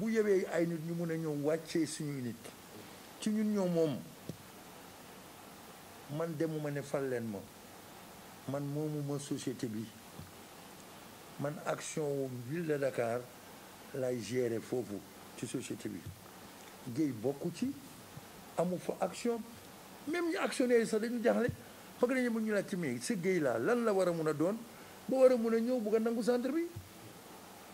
bu yebee ay nit ñu mën a ñëw wàccee suñuy nit ci ñun ñoo moom man demuma ne fal leen ma man moomuma société bi man action wu ville de Dakar lay gérer foofu ci société bi géey bokku ci amu fa action même ñu actionnaire yi sax dañu jaaxle bëgg nañu mu ñu laajte mais si géey laa lan la war a mun a doon ba war a mun a ñëw bugg a nangu centre bi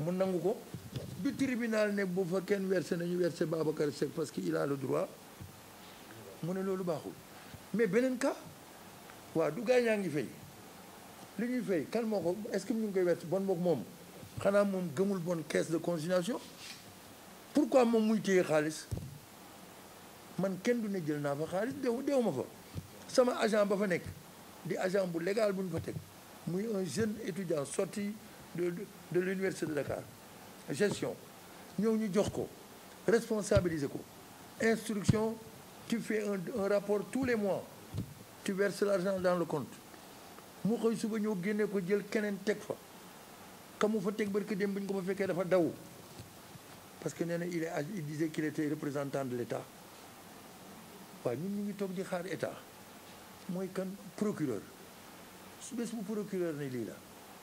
mu tribunal ne bu fa ken versé nañu versé Babacar parce qu'il a le droit mu ne loolu mais benen cas du ngi fay li est-ce que ñu ngi bon bon caisse de consignation pourquoi vous muy téy man du ne jël pas fa vous dew ma fa sama agent ba fa nek agent légal un jeune étudiant sorti de de l'université de Dakar gestion Nous, ñu jox ko responsabiliser instruction tu fais un, un rapport tous les mois tu verses l'argent dans le compte mu xëy suba que génne ko jël keneen teg fa ka mu fa teg barki dem bi ñu ko fa a dafa daw parce que il est il disait qu'il était représentant de l'État waaw nous ñu ngi toog di xaar État Je kan procureur Je suis procureur ne lii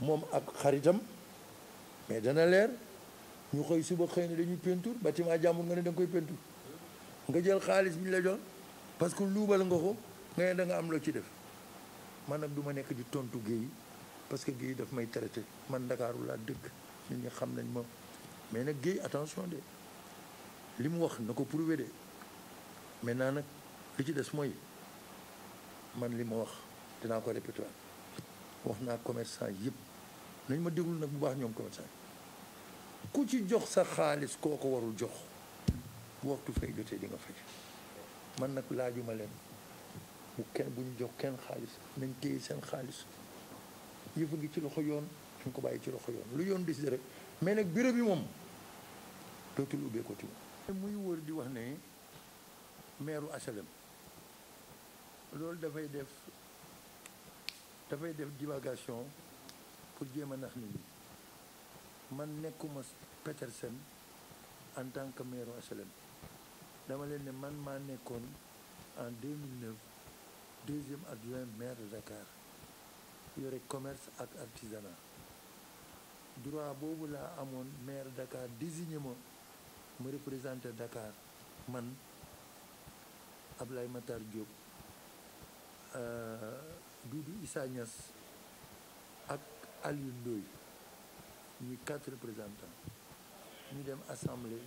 moom ak xaritam mais dana leer ñu xëy suba xëy na dañuy peinture bâtiment jàmbur nga ne da koy peinture nga jël xaalis bi ñu la jox parce que luubal nga ko nga ne da nga am loo ci def man nag du ma nekk di tontu géey parce que géey daf may traité man ndakaaru laa dëkk nit ñi xam nañ ma mais nag géey attention de li mu wax na ko prouvé de naa nag li ci des mooy man li ma wax dinaa ko répétoire wax naa commerçant yëpp nañ ma déglu nag bu baax ñoom commerçant yi ku ci jox sa xaalis koo ko warul jox bu waxtu fay jotee di nga fay man nag laajuma leen bu kenn bu ñu jox kenn xaalis nañ téye seen xaalis yëf a ngi ci loxo yoon dañ ko bàyyi ci loxo yoon lu yoon décidé rek mais nag bureau bi moom dootul ubbee ko ci moom muy wër di wax ne meeru HLM loolu dafay def dafay des divagation pour en tant que maire HLM dama en 2009 deuxième adjoint maire de Dakar du commerce et artisanat droit suis maire Dakar désigné Dakar man Matar Diop. Euh, Doudou Issa ak Aliou Ndoye ñuy quatre représentants ñu dem assemblée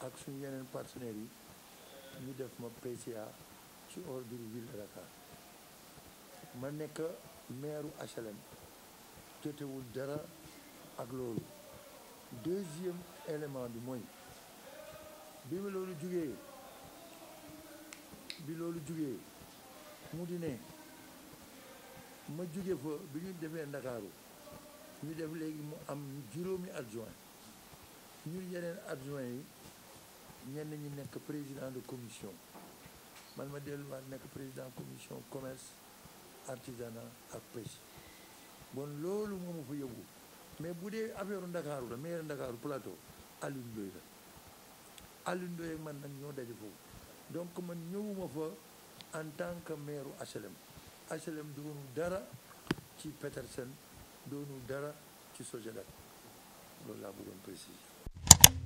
ak suñu yeneen partenaires yi ñu def ma PCA ci ordre ville de Dakar ma nekk maire HLM jotewul dara ak loolu deuxième élément bi mooy bi ma loolu jugee bi loolu jugee mu di ne ma jóge fa bi ñu defee ndakaaru ñu def léegi mu am juróomi adjoint ñun yeneen adjoint yi ñenn ñi nekk président de commission man ma nekk président commission commerce artisanat ak pêche bon loolu moo ma fa yóbbu mais bu dee affaire ndakaaru la maire ndakaaru plateau Alioune Ndoye la Alioune Ndoye man na ñoo daje foofu donc man ñëwuma fa en tant que maire HLM HLM doonu dara ci Petersen doonu dara ci Sogedat loolu laa bëggoon préciser